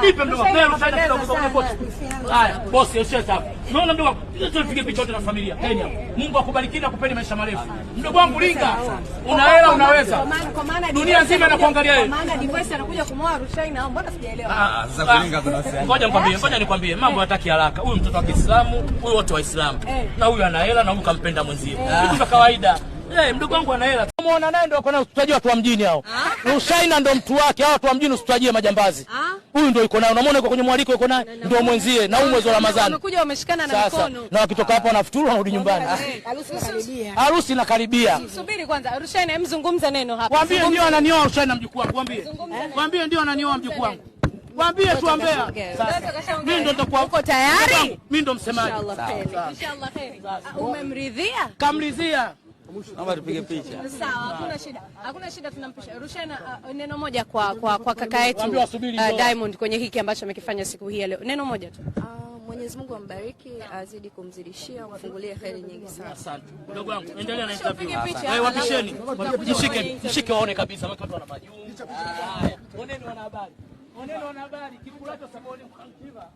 Ah, Nipe mdogo wangu. Leo naenda kidogo kwa pote. Haya, boss, yoshia hapa. Naona mdogo wangu. Sasa tupige picha wote na familia. Kenya. Mungu akubariki na kupeni maisha marefu. Mdogo wangu linga. Una hela unaweza. Dunia nzima inakuangalia wewe. Maana divorce anakuja kumwoa Rushai na mbona sijaelewa. Ah, ah sasa kulinga kuna Ngoja nikwambie, ngoja eh. nikwambie. Mambo hataki haraka. Huyu mtoto wa Kiislamu, huyu wote wa Waislamu. Eh. Na huyu ana hela na huyu kampenda mwenzie. Eh. Kitu cha kawaida. Eh, mdogo wangu ana hela. Umeona naye ndio na usitajie watu wa mjini hao. Ah? Ushaina ndio mtu wake, hao watu wa mjini usitajie majambazi. Ah? Huyu ndio yuko naye. Unamwona yuko kwenye mwaliko yuko naye ndio mwenzie na huyu mwezi wa ah, Ramadhani. Wamekuja wameshikana na mikono. Na wakitoka hapo wanafuturu wanarudi nyumbani. Eh. Harusi inakaribia. Harusi inakaribia. Subiri kwanza, Rushaina hemzungumza neno hapa. Mwambie ndio ananioa Rushaina mjukuu wangu, mwambie. Mwambie ndio ananioa mjukuu wangu. Mwambie tu ambea. mimi ndo nitakuwa uko tayari? Mimi ndo msemaji. Inshallah khair. Umemridhia? Kamridhia naomba tupige picha. Sawa, hakuna shida, hakuna shida, tunampisha. Rushana, uh, uh neno moja kwa, kwa, kwa kaka yetu uh, Diamond kwenye hiki ambacho amekifanya siku hii ya leo, neno moja tu. Uh, Mwenyezi Mungu ambariki, azidi kumzidishia, wafungulie heri nyingi sana. Asante Ndugu wangu, endelea na interview. Hai wapisheni, mshike mshike, waone kabisa watu wana majuu. Haya. Oneni wana habari. oneni wana habari. kikulacho sabuni mkangiva